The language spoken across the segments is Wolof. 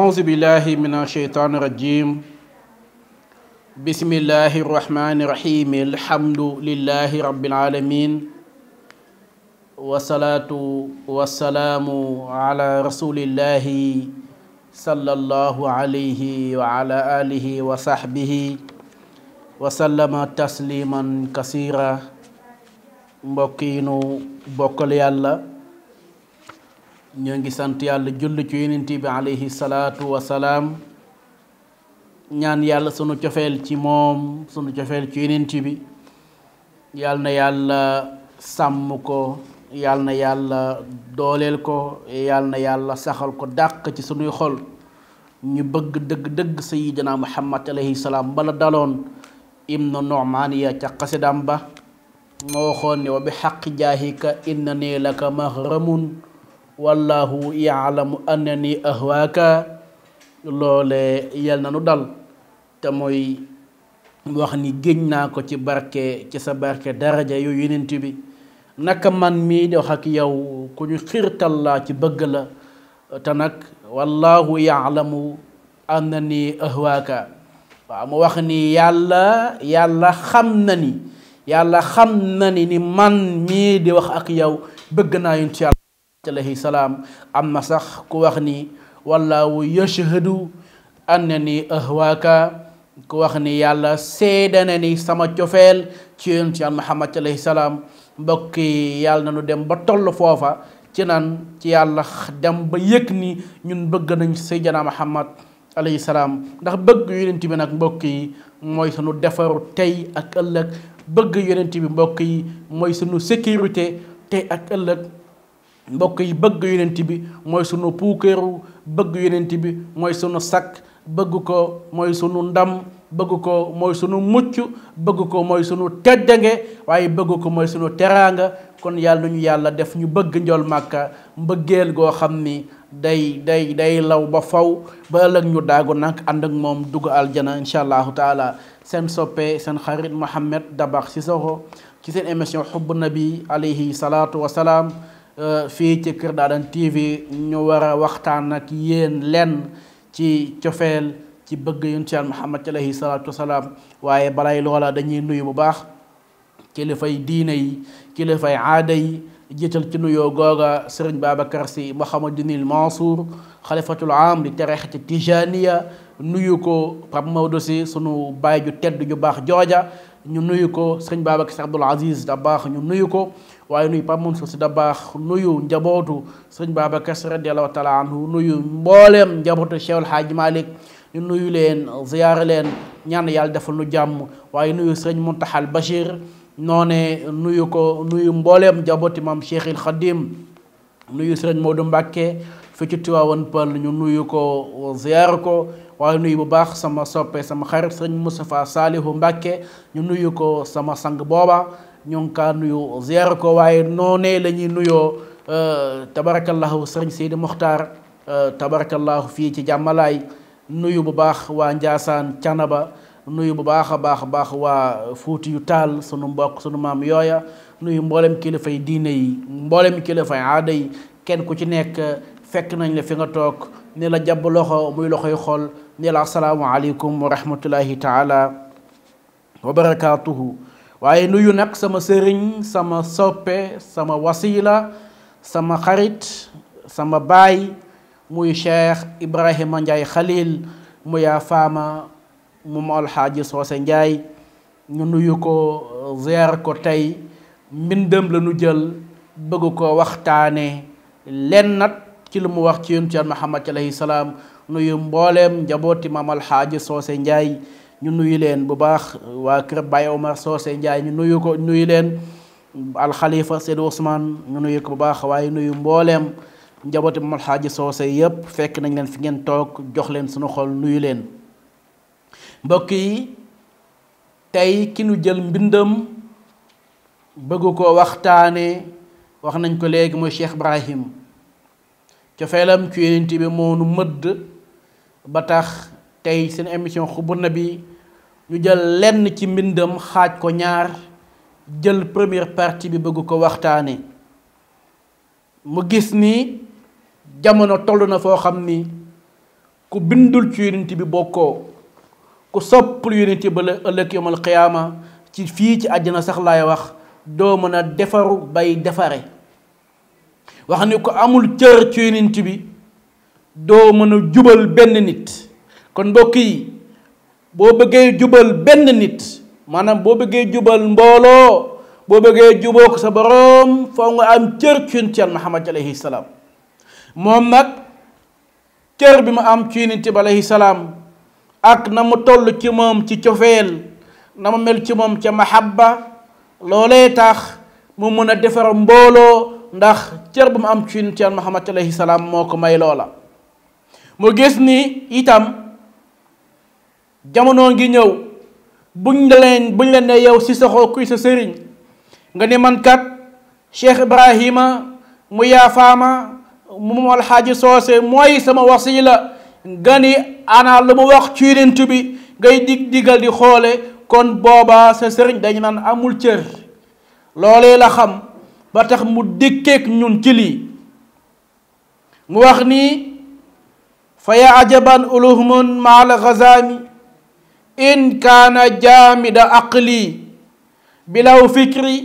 أعوذ بالله من الشيطان الرجيم بسم الله الرحمن الرحيم الحمد لله رب العالمين والصلاة والسلام على رسول الله صلى الله عليه وعلى آله وصحبه وسلم تسليما كثيرا مبكين بوكل يالله ñoo ngi sant yàlla julli ci yonent bi aleyhi salaatu salaam ñaan yàlla sunu cofeel ci moom sunu cofeel ci yonent bi yàlla na yàlla sàmm ko yàlla na yàlla dooleel ko yàlla na yàlla saxal ko dàq ci suñuy xol ñu bëgg dëgg dëgg sayidina muhammad alayhi salaam bala daloon ibnu nu'maaniya ca xasidam ba moo waxoon ne wa bi xaqi jaahika inna nii laka mahramun wallahu yaalamu annani ahwaaka loole yal na nu dal te mooy wax ni géñ naa ko ci barke ci sa barke daraja yu yonent bi naka man mii di wax ak yow ku ñu xiirtal laa ci bëgg la te nag wallahu yaalamu annani ahwaaka waaw mu wax ni yàlla yàlla xam na ni yàlla xam na ni ni man mii di wax ak yow bëgg naa yonent yàlla alayhi salaam am na sax ku wax ni wallaahu yashhadu annani ahwaaka ku wax ni yàlla seede ni sama cofeel ci yonent yàlla Muhammad alayhi salaam mbokk yi yàlla na nu dem ba toll foofa ci nan ci yàlla dem ba yëg ni ñun bëgg nañ Seydina Muhammad alayhi salaam ndax bëgg yonent bi nag mbokk yi mooy sunu defaru tey ak ëllëg bëgg yonent bi mbokk yi mooy sunu sécurité tey ak ëllëg mbokk yi bëgg yonent bi mooy sunu puukeeru bëgg yonent bi mooy sunu sakk bëgg ko mooy sunu ndam bëgg ko mooy sunu mucc bëgg ko mooy sunu teddange waaye bëgg ko mooy sunu teraanga kon yàlla ñu yàlla def ñu bëgg njool màkka mbëggeel goo xam ni day day day law ba faw ba ëllëg ñu daagu nag ànd ak moom dugg aljana incha allahu taala seen soppe seen xarit Mohamed Dabakh Cissokho ci seen émission xubbu nabi alayhi salaatu wa Euh, fii ci Kër Ndanane TV ñu war a waxtaan ak yéen lenn ci cofeel ci bëgg yonent Yàlla Muhammad alayhi salaatu wasalaam waaye balay loola dañuy nuyu bu baax kilifay diine yi kilifay aada yi jiital ci nuyoo googa sëriñ Babacar Sy Mouhamadunil Mansour xalifatul am di tarixati tijaniya nuyu ko Pape Maodo Sy sunu baay ju tedd ju baax jooja ñu nuyu ko sëriñ Babacar Sy Abdoul Aziz da baax ñu nuyu ko waaye nuyu Pape Mansour Sy Dabakh nuyu njabootu sëñ Babacar Sy radiyallahu taala anhu nuyu mbooleem njabootu Cheikh El Hadj Malick ñu nuyu leen ziyaare leen ñaan yàlla defal nu jàmm waaye nuyu sëñ Muntaxal Bachir noone nuyu ko nuyu mbooleem njabooti maam Cheikhil Khadim nuyu sëñ Modou Mbacke fi ci Tiwaawan Pël ñu nuyu ko ziyaare ko waaye nuyu bu baax sama soppe sama xarit sëñ Moustapha Salihu Mbacke ñu nuyu ko sama sang booba ñoo ngi kaa nuyu ziyaar ko waaye noonee la ñuy nuyoo euh, tabarakallahu sëriñ Seydi Mokhtar euh, tabarakallahu fii ci jàmmalaay nuyu bu baax waa Njaasaan Canaba nuyu bu baax a baax baax waa fuuti yu taal sunu mbokk sunu maam yooya nuyu mboolem kilifay diine yi mboolem kilifay aada yi kenn ku ci nekk fekk nañ la fi nga toog ne la jàpp loxo muy loxoy xol ne la asalaamualeykum wa rahmatullahi taala wa barakaatuhu waaye nuyu nag sama sëriñ sama soppe sama wasila sama xarit sama baay muy cheikh Ibrahima Ndiaye Khalil mu yaa faama mu ma alxaaji Soose Ndiaye ñu nuyu ko ziar ko tey mbindam la nu jël bëgg ko waxtaane len nag ci lu mu wax ci yonent Muhammad alayhi salaam nuyu mbooleem njabooti ma alxaaji Soose Ndiaye ñu nuyu leen bu baax waa kër Baye Omar Socé njaay ñu nuyu ko nuyu leen alxalifa Seydou Ousmane ñu nuyu ko bu baax waaye nuyu mbooleem njabootu Mame Alxaaji Socé yëpp fekk nañ leen fi ngeen toog jox leen suñu xol nuyu leen mbokk yi tey ki nu jël mbindam bëgg ko waxtaane wax nañ ko léegi mooy Cheikh Ibrahim cofeelam ci yonent bi moo nu mëdd ba tax tey seen émission xubbu nabi ñu jël lenn ci mbindam xaaj ko ñaar jël première partie bi bëgg ko waxtaane mu gis ni jamono toll na foo xam ni ku bindul ci bi bokkoo ku soppul yonent ba la ëllëg yomal xiyaama ci fii ci àjjana sax laay wax doo mën a defaru bay defare wax ni ko amul cër ci bi doo mën a jubal benn nit kon mbokk boo bëggee jubal benn nit maanaam boo bëggee jubal mbooloo boo bëggee jubóog sa boroom foo nga am cër ci yonent Yàlla Muhammad alayhi salaam moom nag cër bi mu am ci yonent salaam ak na mu toll ci moom ci cofeel na mel ci moom ca mahabba loolee tax mu mun a defar mbooloo ndax cër bi mu am ci yonent Yàlla Muhammad alayhi salaam moo ko may loola mu gis ni itam jamono ngi ñëw buñ leen buñ leen yow yow Cissokho kuy sa sëriñ nga ne man kat Cheikh Ibrahima mu yaafaama moom xaaj soose mooy sama wasila nga ni ana lu mu wax ci bi ngay dig digal di xoole kon booba sa sëriñ dañu naan amul cër loolee la xam ba tax mu dikkeek ñun ci lii mu wax ni fa ya ajaban uluhumun maal gazaami in kaana jaamida aqli bilaw fikri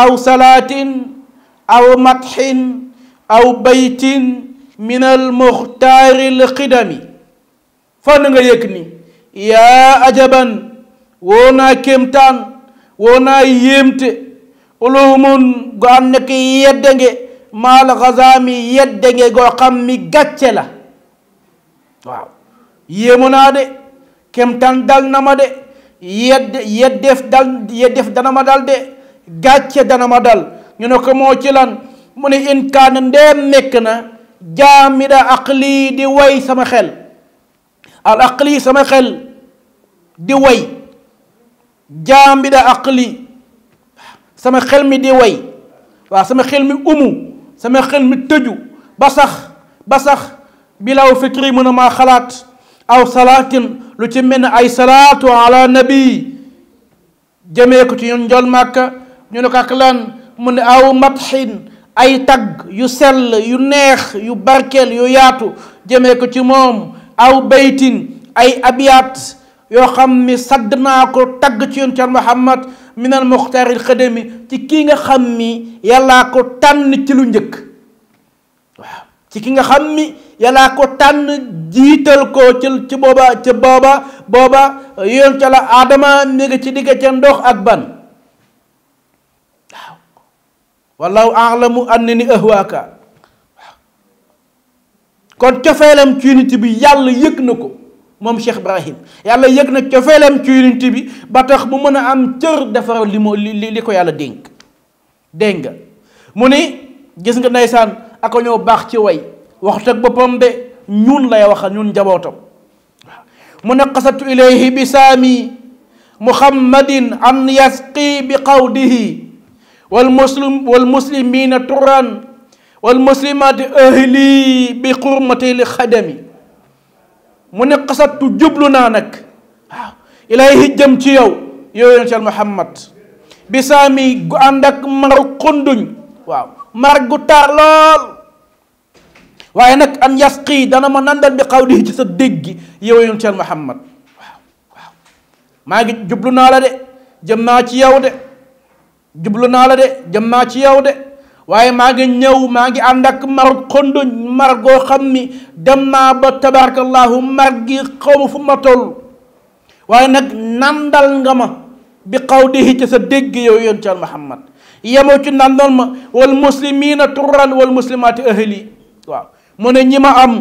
aw salaatin aw matxin aw baytin min almuxtaari lqidami fan nga yëg ni yaa ajaban woo naa kéemtaan woo naa yéemte ulumun gu am nekk yeddange maal xazaami yeddange goo xam mi gàcce la waaw de kemtaan dal na ma de yedde yeddeef dal yeddeef dana ma dal de gàcce dana ma dal ñu ne ko moo ci lan mu ne in kaana ndeem nekk na jaamida aqli di way sama xel al aqli sama xel di way jaamida aqli sama xel mi di way waaw sama xel mi umu sama xel mi tëju ba sax ba sax bilaaw fikri mën a maa xalaat aw salaatin lu ci mel ne ay salaatu ala nabi jëmee ko ci ñun njol màkka ñu ne ko lan mu ne aw matxin ay tagg yu sell yu neex yu barkel yu yaatu jëmee ko ci moom aw baytin ay abiat yoo xam ni sagg naa ko tagg ci yoon ca Muhammad min al muxtaar il xadami ci ki nga xam ni yàllaa ko tànn ci lu njëkk waaw ci ki nga xam ni yàllaa ko tànn jiital ko ci booba ci booba booba yoon ca la aadama mi ci digg ca ndox ak ban waaw wallahu alamu annani ahwaaka waaw kon cofeelam ci bi yàlla yëg na ko moom Cheikh Ibrahim yàlla yëg na cofeelam ci bi ba tax mu mën a am cër defar li mu li li ko yàlla dénk dégg nga mu ni gis nga ndeysaan ako ñoo baax ci way waxut ak boppam de ñun lay wax ñun njabootam waaw mu ne qasatu ilayhi bi saami muhammadin an yasqi bi qawdihi wal muslim wal muslimina turan wal muslimati ahli bi xurmati li xadami mu ne jublu naa nag waaw ilayhi jëm ci yow yow al muhammad bi saami gu ànd mar xunduñ mar gu taar waaye nag an yasqi dana ma nandal bi xawli ci sa dégg gi yow yonent Yàlla Muhammad waaw waaw maa jublu naa la de jëm naa ci yow de jublu naa la de jëm naa ci yow waaye maa ngi ñëw maa ngi ànd ak mar xondoñ mar goo xam ni dem naa ba tabarakallahu mar gi xaw ma fu ma toll waaye nag nandal nga ma bi xaw di ci sa dégg yow yonent Yàlla Muhammad yemoo ci nandal ma wal muslimina turran wal muslimaati ahli waaw mu ne ñi ma am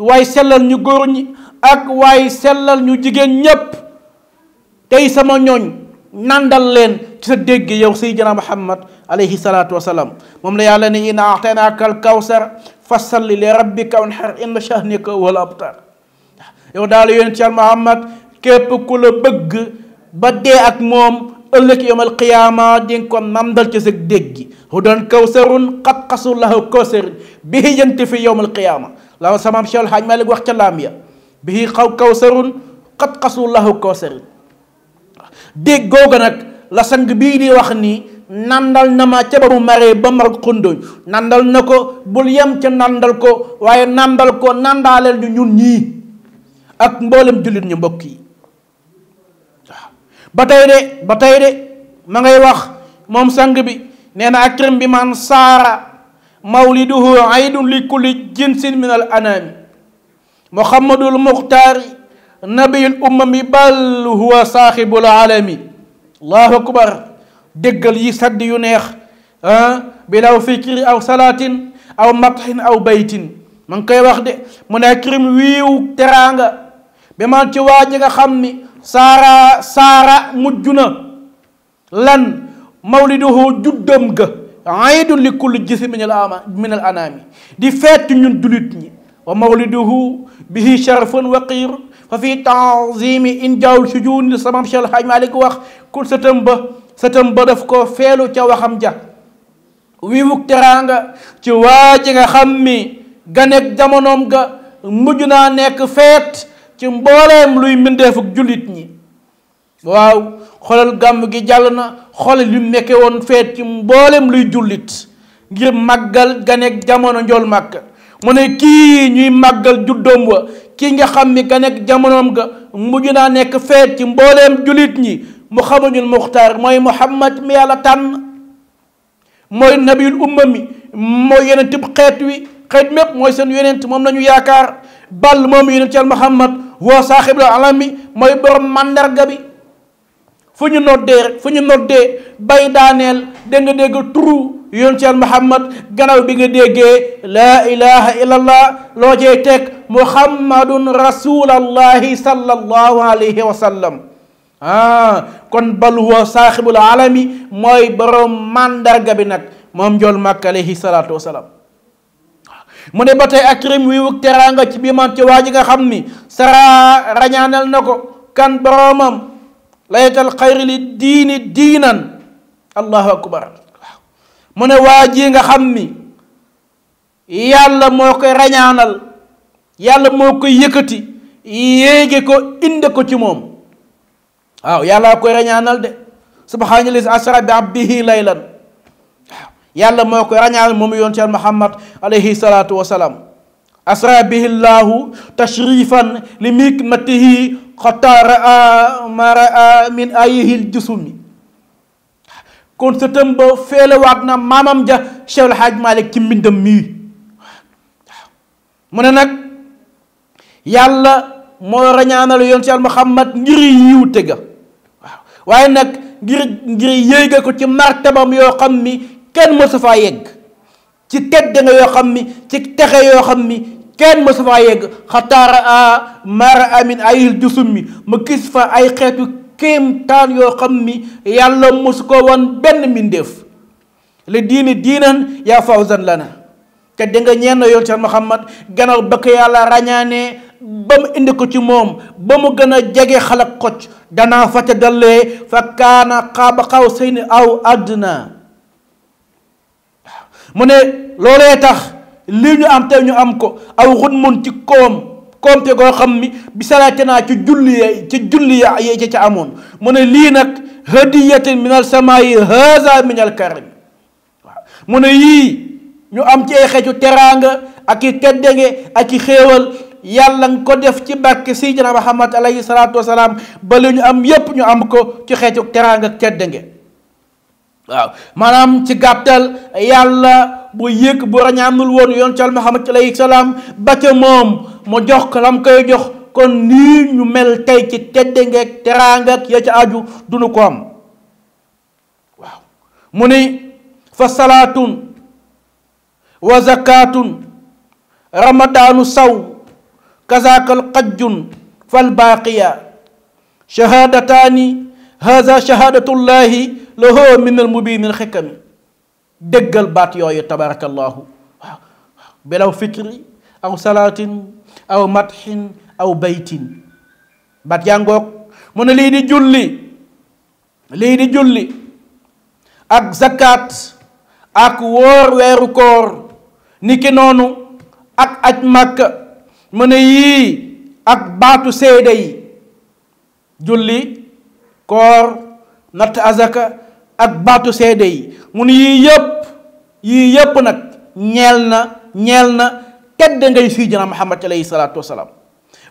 waaye sellal ñu góor ñi ak waaye sellal ñu jigéen ñépp tey sama ñooñ nandal leen ci sa dégg yow sayyidina muhammad alayhi salaatu wasalaam moom la yàlla ne inna a'taynaaka al kawsar fasalli li rabbika a inna shahnika wal abtar yow daal yonent yàlla muhammad képp ku la bëgg ba dee ak moom ëllëg yawmal qiyaama di nga ko nandal ci sa dégg hudan kawsarun qad qasullahu kawsarin bihi yantafi yawmal qiyaama la sama maam Cheikh El Hadj wax ca laam ya bihi xaw kawsarun qad qasullahu kawsarin dégg googa nag la sang bii di wax nii nandal na ma ca ba mu maree ba mar xundóoñ nandal na ko bul yem ca nandal ko waaye nandal ko nandaaleel ñu ñun ñii ak mboolem jullit ñu mbokk yi ba tey de ba tey de ma ngay wax moom sang bi nee na ak tram bi man saara mawliduhu aydun li kulli jinsin min al anami muhammadul muxtaari nabiyul ummami bal huwa saaxibul alami allahu akbar déggal yi sadd yu neex ah, bilaw fikri aw salaatin aw matxin aw baytin ma ngi koy wax de mu ne kirim wiiw teraanga bi man ci waa ji nga xam ni saara saara mujj na lan mawliduhu juddam ga du li kulli jismi min al ama min al di feet ñun dulit ñi wa mawliduhu bihi sharafun waqir fa fi tanzimi in jaawul sujun li samam Cheikh Alhaaj Malik wax kul sëtam ba sëtam ba daf ko feelu ca waxam ja wiwuk teraanga ci waa nga xam mi ganeeg jamonoom ga mujj naa nekk feet ci mbooleem luy mbindeefuk jullit ñi waaw xoolal gàmm gi jàll na xoolal lim nekke woon feet ci mbooleem luy jullit ngir màggal ganeeg jamono njool màkk mu ne kii ñuy màggal juddoom wa ki nga xam ni ganeeg jamonoom ga mujj naa nekk feet ci mbooleem jullit ñi mu muhammadul muxtaar mooy muhammad mi yàlla tànn mooy nabiyul umma mi mooy yonent bu xeet wi xeet mépp mooy seen yonent moom lañu yaakaar bal moom yonent ci al muhammad woo saaxibul alami mooy borom màndarga bi fu ñu noddee fu ñu noddee bay daaneel da nga dégg turu yoon ci muhammad gannaaw bi nga déggee laa ilaha illallah loo cay teg muhammadun rasulallahi sallallahu alayhi wa ah kon bal huwa saaxibul alami mooy boroom màndarga bi nag moom njool màkk alayhi salaatu wasalaam mu ne ba tey ak rim wi wug teraanga ci biiman ci waa ji nga xam ni sara rañaanal na ko kan boroomam layatal xayri li diini diinan allahu akbar waaw mu ne waa ji nga xam ni yàlla moo koy rañaanal yàlla moo koy yëkkati yéege ko inde ko ci moom waaw yàlla koy rañaanal de subhaanallazi asra bi abdihi laylan waaw yàlla moo koy rañaanal moom yoon ci al muhammad alayhi salaatu wasalaam asra bihi llaahu tashrifan li mikmatihi xata raa min ayihil jusumi kon sa tëm ba na maamam ja Cheikh El Hadj Malick ci mbindam mii mu nag yàlla moo rañaanal yoon si yàlla ngir yiwte ga waaw waaye nag ngir ngir yéega ci martabam yoo xam ni kenn mësu faa yegg ci tedd nga yoo xam ni ci texe yoo xam ni kenn mësu faa yegg xataara a mara amin ayil jusum mi ma gis fa ay xeetu kéemtaan yoo xam ni yàlla mësu ko woon benn mbindéef li diini diinan yaa fawzan lana te di nga ñenn yoon Cheikh Mouhamad gannaaw ba yàlla ràññaanee ba mu indi ko ci moom ba mu gën a jege xalak xocc danaa fa ca dallee fa kaana xaaba xaw seyni aw àddina mu ne loolee tax lii ñu am tey ñu am ko aw xun mun ci koom koom te goo xam ni bi salaate naa ci julli ya ci julli ya yi ca amoon mu ne lii nag hadiyatin min al samaayi haza min karim mu ne yii ñu am ci ay xeetu teraanga ak i teddange ak i xéewal yàlla nga ko def ci barke Seydina Muhammad alayhi salaatu wasalaam ba li ñu am yépp ñu am ko ci xeetu teraanga ak teddange waaw maanaam ci gàttal yàlla bu yëg bu rañaanul woon yoon cal Muhammad alayhi salaam ba ca moom mu jox ko lam koy jox kon nii ñu mel tey ci tedd ngeeg teraanga ya ca aju duñu ko am waaw mu ni fa salaatun wa ramadaanu saw kazaakal xajjun fal baaqiya shahaadataani haza shahaadatullahi la hoo minal mubinil xikami déggal baat yooyu tabarakallahu waaw belaw aw salaatin aw matxin aw baytin baat yaa ngoog mu lii di julli lii di julli ak zakat ak wóor weeru koor niki noonu ak aj màkka mu yii ak baatu seede yi julli koor natt azaka ak baatu seede yi mu yii yëpp yii yëpp nag ñeel na ñeel na tedd ngay sayyidina Muhammad alayhi salaatu wasalaam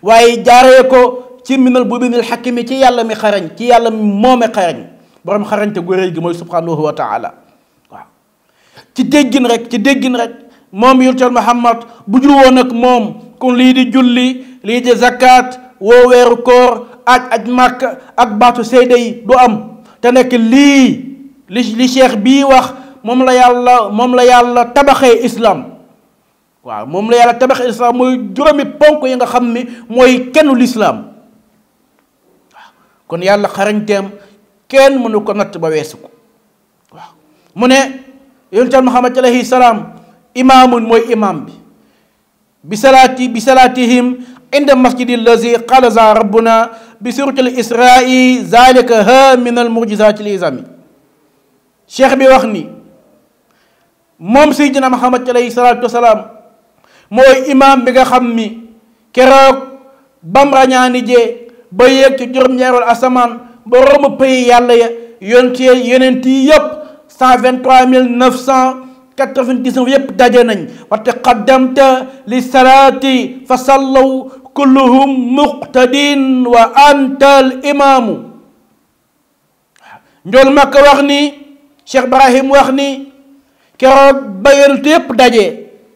waaye jaaree ko ci minal bubinil xakimi ci yàlla mi xarañ ci yàlla mi moome xarañ borom xarañte gu rëy mooy subhanahu wa ci déggin rek ci déggin rek moom yurtal Muhammad bu jur woon ak moom kon lii di julli lii di zakat woo weeru koor aj aj màkk ak baatu seede yi du am te nekk lii li li cheikh bii wax moom la yàlla moom la yàlla tabaxee islaam waaw moom la yàlla tabaxee islaam mooy juróomi ponk yi nga xam ni mooy kenn lislaam waaw kon yàlla xarañteem kenn mënu ko natt ba weesu ko waaw mu ne yonent Muhammad alayhi salaam imaamun mooy imaam bi bi salaati bi salaatihim inda masjidi lazi qala za rabbuna bi suratil isra'i zalika ha min al mu'jizati al cheikh bi wax ni moom Seydina Muhammad alayhi salaatu wasalaam mooy imaam bi nga xam ni keroog bam rañaani jee ba yéeg ci juróom-ñeerul asamaan ba romb pays yàlla ya yonte yenent yi yépp cent vingt-trois mille neuf cent quatre vingt dix daje nañ wa taqaddamta li salaati fa sallaw kulluhum muqtadin wa anta al imaamu njool Makka wax ni Cheikh Ibrahim wax ni keroog ba yonent yëpp daje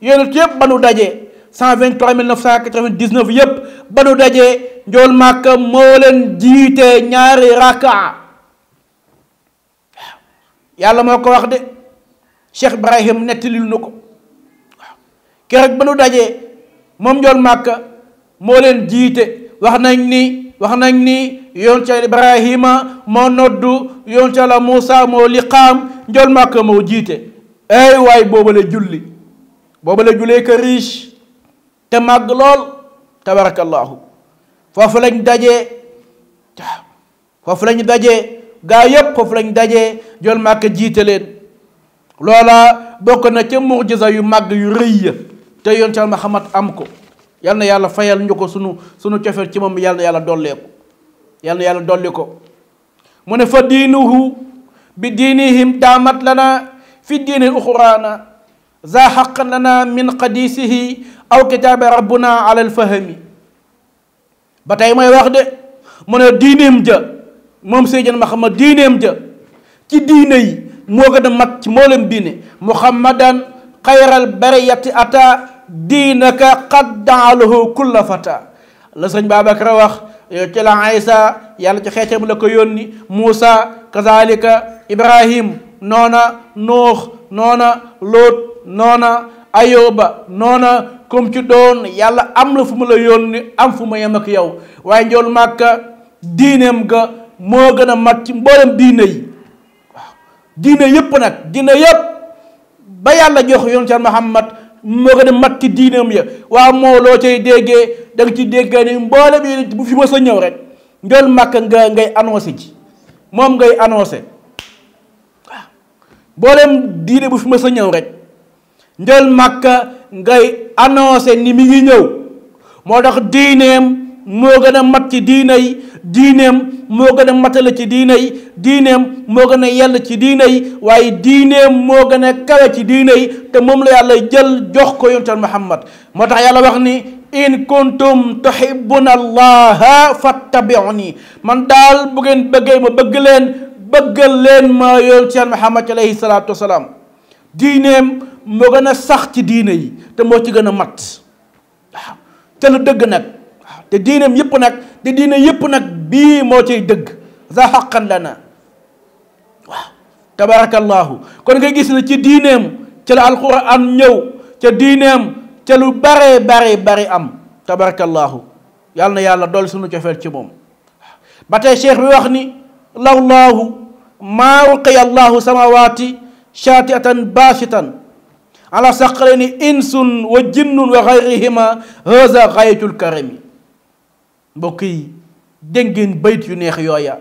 yonent yëpp ba nu daje cent vingt trois mille neuf yëpp ba nu daje njool Màkka moo leen jiite ñaari rakaa yàlla moo ko wax de Cheikh Ibrahim nettalil nu ko waaw keroog ba nu daje moom njool makka moo leen jiite wax nañ ni wax nañ ni. yonent Yàlla Ibrahima moo noddu yonent Yàlla Moussa moo liqaam njol Màkka moo jiite ay waay booba la julli booba la jullee que riche te màgg lool tabarakallahu foofu lañ dajee foofu lañ dajee gaa yépp foofu lañ dajee njol Màkka jiite leen loola bokk na ca murjiza yu màgg yu rëy ya te yonent Yàlla Muhammad am ko yal na yàlla fayal ñu ko sunu sunu cofeel ci moom yàlla na yàlla dolleeku yal na yàlla dolli ko mu ne fa diinuhu bi diinihim daamat lana fi diini uxraana za xaq lana min qadisihi aw kitaabi rabbuna ala alfahami ba tey mooy wax de mu ne diineem ja moom Seydina Muhammad diineem ja ci diine moo gën a mat ci mboolem diine muhammadan xayral bariyati ata diinaka qad daalahu kulla fata la sëñ Babacar wax eh, ci la Isa yàlla ci xeetam la ko yónni Muusa kazalika Ibrahim noona Nuux noona Lóot noona Ayoba noona comme ci doon yàlla am na fu mu la yónni am fu mu yem yow waaye njool màkka diineem ga moo gën a mat ci mboolem diine yi waaw diine yépp nag diine yépp ba yàlla jox yoon ca Muhammad moo gën a mag ci diinam ya waa moo loo cay déggee da ci déggee ni mboolem yi bu fi ma sa ñëw rek njool màkk nga ngay annoncé ji moom ngay annoncé waaw mboolem diine bu fi ma sa ñëw rek njool màkk ngay annoncé ni mi ngi ñëw moo tax diineem moo gën a mag ci diine diineem moo gën a la ci diine yi diineem moo gën a yell ci diine yi waaye diineem moo gën a kawe ci diine yi te moom la yàlla jël jox ko yontal muhammad moo tax yàlla wax ni in kuntum tuhibbuna allaha fattabi'uni man daal bu ngeen bëggee ma bëgg leen bëggal leen ma yontal muhammad alayhi salaatu wasalaam diineem moo gën a sax ci diine yi te moo ci gën a mat waaw te lu dëgg nag waaw te diineem yépp nag te diine yëpp nag bii moo ciy dëgg za xaqan lana tabarakallahu kon nga gis ne ci diineem ca la alquran ñëw ca diineem ca lu bare bare bare am tabarakallahu yàlla na yàlla dool suñu cofeel ci moom ba tey cheikh bi wax ni lawlaahu maa ruqiya allahu samawaati shaatiatan baasitan ala saqreni insun wa jinnun wa gayrihima haza gayatul karami mbokk yi dégg ngeen yu neex yooya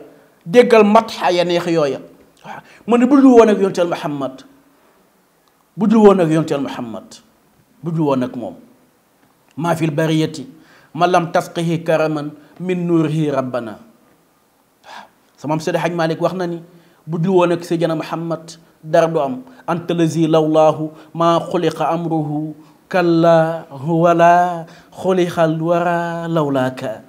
déggal matxa ya neex yooya waaw mu ne bu dul woon ak yonteel Muhammad bu dul woon ak yonteel Muhammad bu dul woon ak moom maa fil bariyati ma lam tasqihi karaman min nuurihi rabbana waaw sama am Seydi Haj Malik wax na ni bu dul woon ak Seydina Muhammad dara du am anta lazi lawlaahu maa xuliqa amruhu kalla wala xulixal wara lawlaaka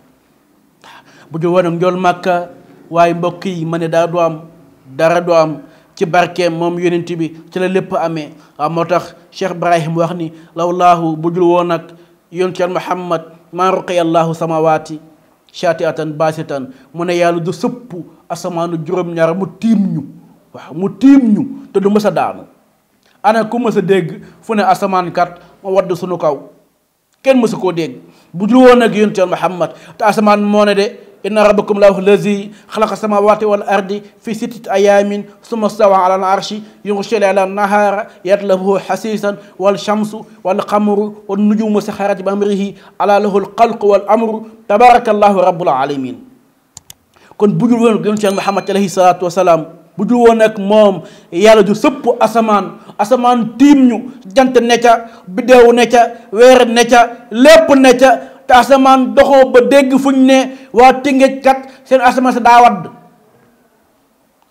bu du woonam njool màkka waaye mbokk yi ma ne daa du am dara du am ci barkeem moom yonent bi ci la lépp amee waaw moo tax Cheikh Ibrahim wax ni lawlaahu bu dul woon ak yonent yàlla Muhammad maa ruqiya allahu samawaati mu yàlla du sëpp asamaanu juróom mu tiim ñu te du mës a daanu ana ku mës a dégg fu ne asamaan kat ma wadd suñu kaw kenn mësu koo dégg bu dul woon ak yonent yàlla Muhammad te asamaan moo ne de inna rabbakum la lazi xalaqa samawati wal ardi fi sittati ayamin summa stawa ala al arshi yughshi layla nahara yatlabuhu hasisan wal shamsu wal qamaru wan nujumu sakharati bi amrihi ala lahu al xalqu wal amru tabarakallahu rabbul alamin kon bu jul woon yonent Yàlla Muhammad alayhi salaatu wasalaam bu jul woon ak moom yàlla ju sëpp asamaan asamaan tiim ñu jant ne ca biddéew ne ca weer ne ca lépp ne ca te asamaan doxoo ba dégg fuñ ne waa Tëngéej kat seen asamaan sa daa wadd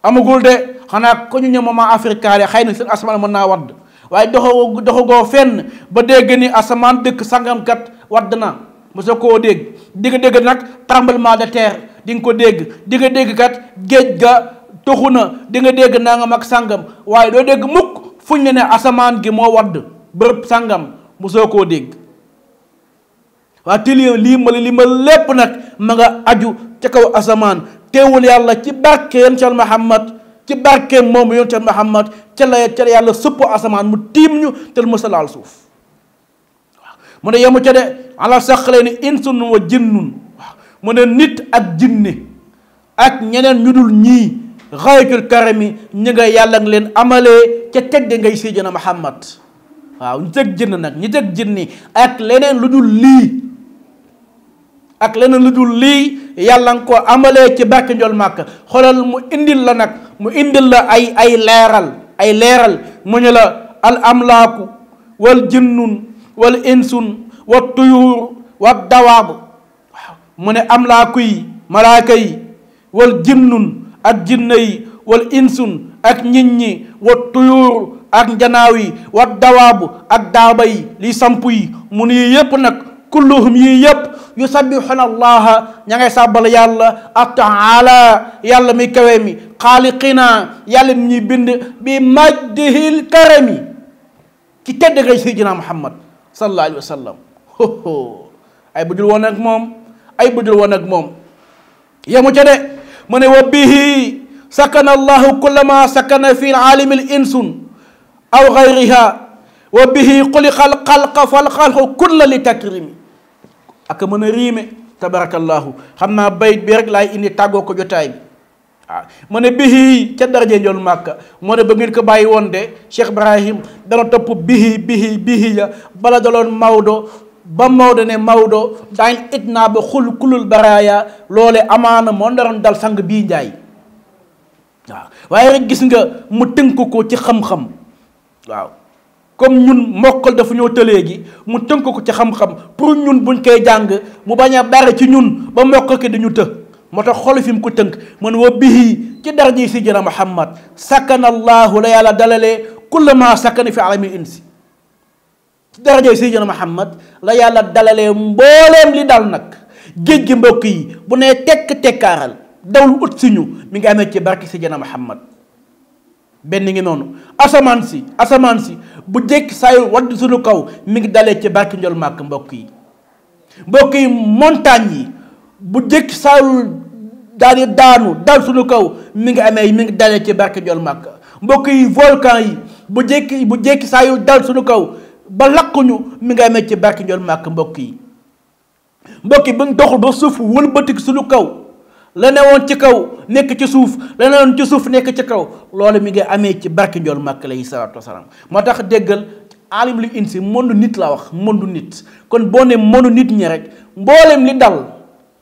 amagul de xanaa ko ñu ne moment africain yi xëy na seen asamaan mën naa wadd waaye doxoo doxagoo fenn ba dégg ni asamaan dëkk sangam wadd na mosoo koo dégg di nga dégg nag tremblement de terre di nga ko dégg di nga dégg kat géej ga toxu na dinga dégg nangam ak sangam waaye doo dégg mukk fuñ ne ne asamaan gi moo wadd bërëb sangam mosoo koo dégg. waa te li ma lépp nag ma nga aju ca kaw asamaan teewul yàlla ci barke yonent Yàlla Muhammad ci barke moom yonent Yàlla Muhammad ca la ca la yàlla sëpp asamaan mu tiim ñu te mu sa laal suuf waaw mu ne yemu ca nit ak jinne ak ñeneen ñu dul ñii xaytul karami ñi nga yàlla nga leen amalee ca teg ngay Seydina Muhammad waaw ñi teg jinn nag ñi teg jinni ak leneen lu dul lii ak leneen lu dul lii yàlla nga ko amalee ci bàkki njol màkk xoolal mu indil la nag mu indil la ay ay leeral ay leeral mu ñu la al amlaaku wal jinnun wal insun wa tuyuur wa dawaabu waaw mu ne amlaaku yi malaaka yi wal jinnun ak jinne yi wal insun ak nit ñi wa tuyuur ak njanaaw yi wa dawaabu ak daaba yi li samp yi mu ne yépp nag kulluhum yii yëpp yusabbixuna allaha ña ngay sàbbal yàlla ataala yàlla mi kawe mi xaaliqina yàlla mi ñuy bind bi majdihil karami ci tedd ngay sayyidina muhammad sallallahu alayhi wa sallam ay bu dul woon ak moom ay bu dul woon ak moom yemu ca de mu ne wa bihi sakana allahu kullama sakana fi alaalami al insun aw gayriha wa bihi xuliqa alxalqa falxalqu kulla li takrimi ak mën a riime tabarakallahu xam naa bayit bi rek laay indi tàggoo ko jotaay bi waaw mu ne bihi ca daraje njool màkka moo ne ba ngeen ko bàyyi woon de Cheikh Ibrahim dana topp bihi bihi bihi bala daloon Maodo ba Maodo ne Maodo daañ it naa ba xul kulul baraaya loole amaana moo ndaroon dal sang bii njaay waaw waaye rek gis nga mu tënk ko ci xam-xam waaw comme ñun mokkal dafa ñoo tëlee gi mu tënk ko ci xam-xam pour ñun buñ koy jàng mu bañ a bare ci ñun ba mokk ki dañu të moo tax xol fi mu ko tënk man wa bihi ci darji si jëna muhammad sakkana allahu la yàlla dalalee kulla ma sakkana fi alami insi ci darajey si jëna muhammad la yàlla dalalee mbooleem li dal nag géej gi mbokk yi bu nee tekk tekkaaral dawul ut si ñu mi ngi amee ci barki si jëna muhammad benn ngi noonu asamaan si asamaan si bu jekk saa yu wadd suñu kaw mi ngi dalee ci barki njol màkk mbokk yi mbokk yi montagne yi bu jekk saa yu daal di daanu dal suñu kaw mi ngi amee mi ngi dalee ci barki njol màkk mbokk yi volcan yi bu jekki bu jekki saa dal suñu kaw ba lakkuñu mi amee ci barki màkk mbokk yi mbokk yi bu doxul ba suuf wëlbatik suñu kaw la newoon ci kaw nekk ci suuf la newoon ci suuf nekk ci kaw loolu mi ngi amee ci barke njool màkk alayhi salaatu wasalaam moo tax déggal alim li insi mëndu nit la wax mëndu nit kon boo ne mëndu nit ñi rek mboolem li dal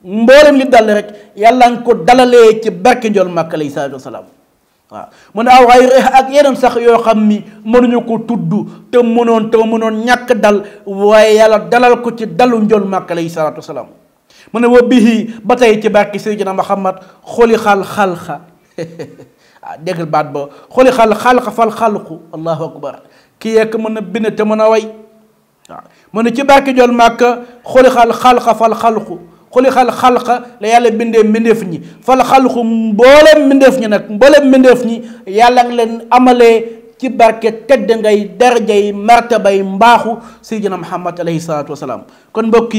mboolem li dal rek yàlla nga ko dalalee ci barke njool màkk alayhi salaatu wasalaam waaw mu ne aw ay ak yeneen sax yoo xam ni mënuñu ko tudd te mënoon te mënoon ñàkk dal waaye yàlla dalal ko ci dalu njool màkk alayhi salaatu wasalaam mu ne wa bihi ba tey ci barke Seydina Muhammad xoli xal xalxa ah, dégg baat ba xoli xal xalxa fal xalqu allahu akbar ki mën a bind te mën a way waaw ah, mu ne ci joon màkka xoli xal xalxa fal xalqu xuli xal xalqa la yàlla bindee mbindeef ñi fal xalqu mbooleem mbindeef ñi nag mbooleem mbindeef ñi yàlla ngi leen amalee ci barke tedd ngay darajay martabay mbaaxu sayyidina Muhammad alayhi salaatu wasalaam kon mbokk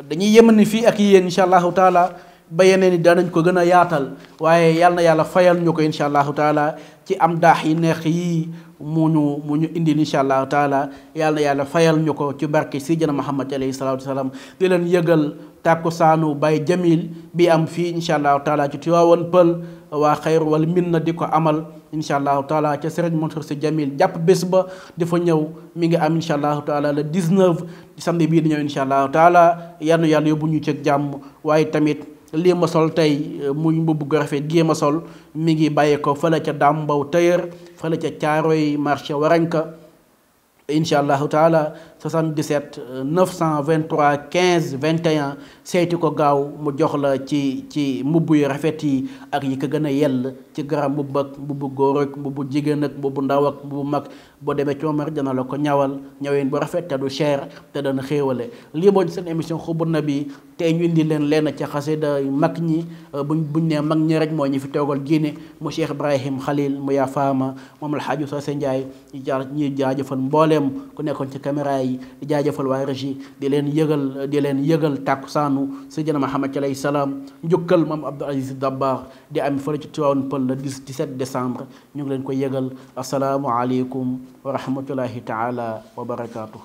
dañuy yemal ni fii ak yéen incha allahu taala ba yeneen ni daanañ ko gën a yaatal waaye yal na yàlla fayal ñu ko incha allahu taala ci am daax yi neex yi mu ñu mu ñu indil incha allahu taala yal na yàlla fayal ñu ko ci barke Sidina Muhammad alayhi salaatu wasalaam di leen yëgal tàkkusaanu Baye Jamil bi am fii incha allahu taala ci Tiwaawan Pël waa xayru wal na di ko amal. incha allahu taala ca Serigne Mansour Sy Djamil jàpp bés ba dafa ñëw mi ngi am incha allahu taala le 19 samedi bii di ñëw incha allahu taala yannu yàlla yóbbu ñu cëg jàmm waaye tamit lii ma sol tey eh, muy mbubb gu rafet gii sol mi ngi bàyyi ko fële ca Dame Mbow Tailleur fële ca Caaroy marché Waranka incha allahu taala 77 923 15 21 seeti ko gaaw mu jox la ci ci mbubb yu rafet yi ak yi ko gën a yell ci garab mbubb ak mbubbu góor ak mbubbu jigéen ak mbubbu ndaw ak mbubbu mag boo demee ci Omar dana la ko ñawal ñaween bu rafet te du cher te dana xéewale lii moo seen émission na bi tey ñu indi leen lenn ci xasida mag ñi bu euh, buñ nee mag ñi rek moo ñu fi toogal Guinée mu Cheikh Ibrahim Khalil mu yaa faama moom la xaaju soo sa njaay ñi jaajëfal mbooleem ku nekkoon ci caméra yi yi di jaajëfal waa di leen yëgal di leen yëgal ma Seydina Mahamad alayhi salaam njukkal maam Abdou Aziz Dabakh di am fa fële ci Tivaouane Peulh le set décembre ñu ngi leen ko yëgal asalaamualeykum wa rahmatullahi taala wa barakaatu.